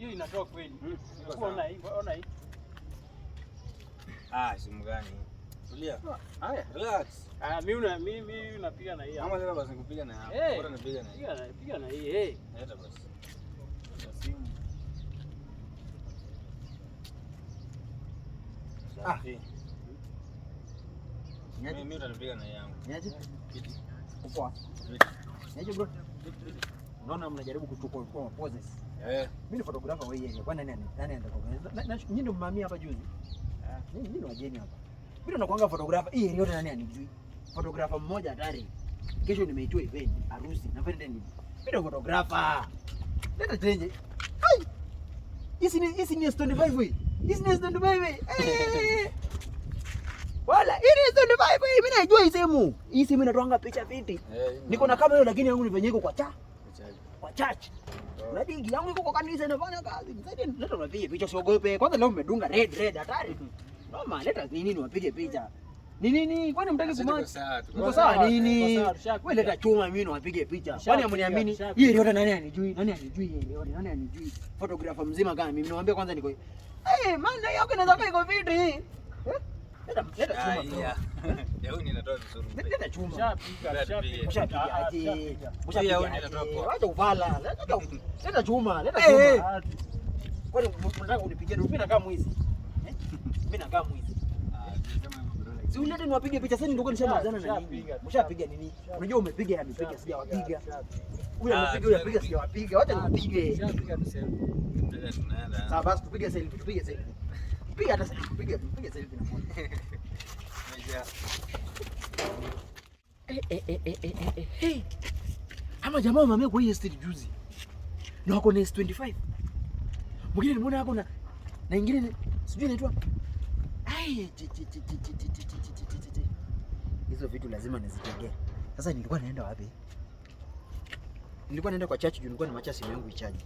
hiyo inatoa kweli. Hmm, ona hii, ona hii. Ah, simu gani? Tulia. Ah, haya, relax. Ah, mimi na mimi napiga na hii. Mama sasa basi kupiga na hapo. Eh, Bora napiga na hii. Piga na hii, eh. Hata basi. Simu. Ah. Mimi yaani mimi utanipiga na yangu. Niaje? Upoa. Niaje bro? Unaona mnajaribu kuchukua kwa poses. Eh. Mimi ni photographer wewe yeye. Kwa nani nani anataka kuongeza? Nyinyi ndio mmamia hapa juzi. Ah, eh. mimi ni wageni hapa. Mimi ndo nakuanga photographer. Hii yote nani anijui? Photographer mmoja hatari. Kesho nimeitwa event harusi. Na kwenda nini? Mimi ndo photographer. Leta change. Hai. Hisi ni hisi ni 25 hii. Hisi ni 25 hii. Eh, eh, Wala hii ni 25 hii. Mimi najua hii simu. Hii simu inatoanga picha fiti. Niko na kama hiyo lakini yangu ni venye iko kwa cha wachache unadingi yangu iko kwa kanisa inafanya kazi. Msaidie, leta unapige picha, usiogope. Kwanza leo umedunga red red, hatari Noma, leta nini niwapige picha. Ni nini? Kwani mtaki kumwacha? Mko sawa nini? Wewe leta chuma mimi niwapige picha. Kwani hamniamini? Yeye yote nani anijui? Nani anijui yeye yote? Nani anijui? Photographer mzima kama mimi niwaambia kwanza niko. Eh, maana yako inaweza kuwa iko vipi? Leta chuma, leta hmm? chuma. Kwani mnataka unipigie ndio mwizi. Mimi eh? nakaa mwizi. Si ulete niwapige picha sasa ndio nishamalizana na nini? Mshapiga nini? Unajua umepiga na nipiga sijawapiga. Ah, huyu amepiga huyu apiga sijawapiga. Wacha ah, niwapige. Sasa basi tupige selfie, tupige selfie. Piga hata selfie, piga, piga selfie na mmoja. Hey. Ama jamaa wamevamia kwa hii estate juzi na wako na S25, mwingine nimeona hapo na na ingine sijui inaitwa hizo vitu lazima nizitengee. Sasa nilikuwa naenda wapi? Nilikuwa naenda kwa chachi juu nilikuwa na machasi simu yangu ichaji.